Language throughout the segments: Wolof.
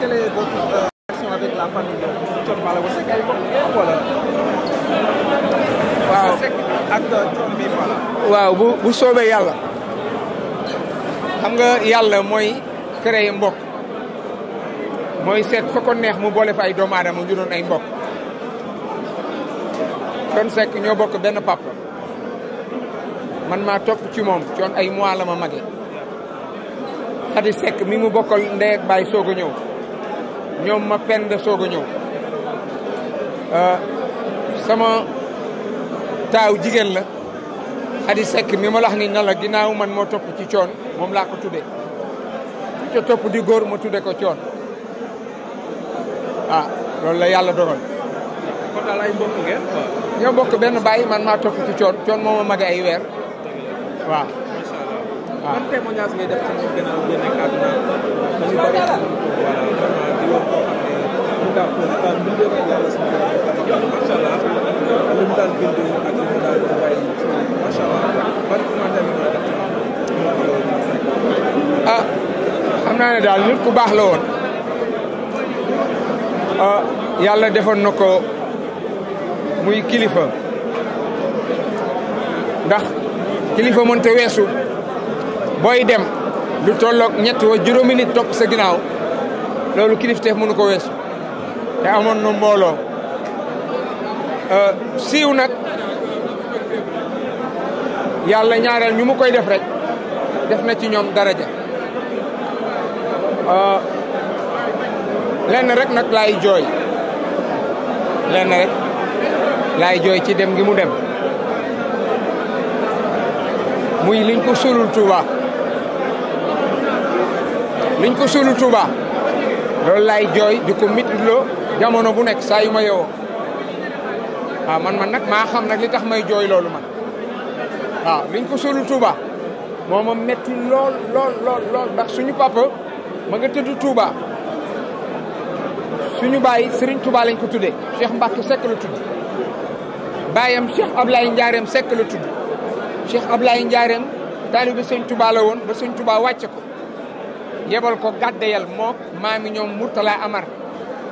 quelle est votre euh, waaw bu bu soobee yàlla xam nga yàlla mooy créer mbokk mooy seet fa ko neex mu boole fa ay doomu aadama ñu ay mbokk. Thione Seck ñoo bokk benn papa man maa topp ci moom Thione ay mois la ma mage Khady Seck mi mu bokkal ndey ak baay soog a ñëw. ñoom ma pend soog a ñëw euh, sama taaw jigéen la Xadi Sekk mi ma la wax ni na la man moo topp ci coon moom laa tudde tuddee ca topp di góor ma tudde ko coon ah loolu la yàlla dogal kon daal ay ñoo bokk benn baay man maa topp ci coon coon moo ma mage ay weer waaw ah xam naa ne daal nit ku baax la woon ah yàlla defoon na ko muy kilifa ndax kilifa mënta weesu booy dem lu tolloog ñett wa juróomi nit topp sa ginnaaw loolu kilifteef mënu ko weesu te amoon na mbooloo euh, siiw nag yàlla ñaareel ñu mu koy def rek def na ci ñoom daraja euh, lenn rek nag laay jooy lenn rek laay jooy ci dem gi mu dem muy liñ ko sulul Touba liñ ko sulul Touba loolu lay jooy di ko mitloo jamono bu nekk saa yu ma yeewoo waaw ah, man man nag maa nag li tax may jooy loolu man waaw ah, liñ ko solu Touba moo ma metti lool lool lool lool ndax suñu papa ma nga tëdd Touba suñu bàyyi Serigne Touba lañ ko tuddee Cheikh Mbacke Seck la tudd bàyyam Cheikh Ablaye Ndiarème Seck la tudd Cheikh Ablaye Ndiarème taalibe Sëñ Touba la woon ba Sëñ Touba wàcce ko yebal ko gàddeyal moo maami ñoom Mourtala Amar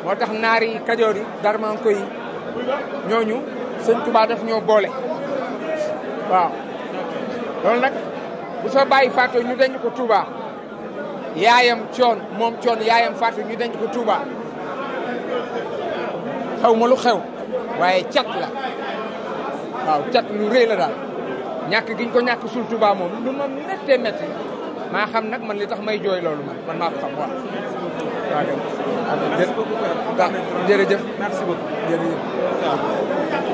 moo tax naar yi kajoor yi darmanko yi ñooñu sëñ Tuubaa daf ñoo boole waaw loolu nag bu soo bàyyi faatu ñu denc ko Touba yaayam coon moom coon yaayam faatu ñu denc ko Touba xew ma lu xew waaye cat la waaw cat lu rëy la daal ñàkk giñ ko ñàkk suul Touba moom lu ma méttee métti maa xam nag man li tax may jooy loolu man maa ko xam waaw. waaw jërëjëf ah, jërëjëf merci beaucoup jërëjëf.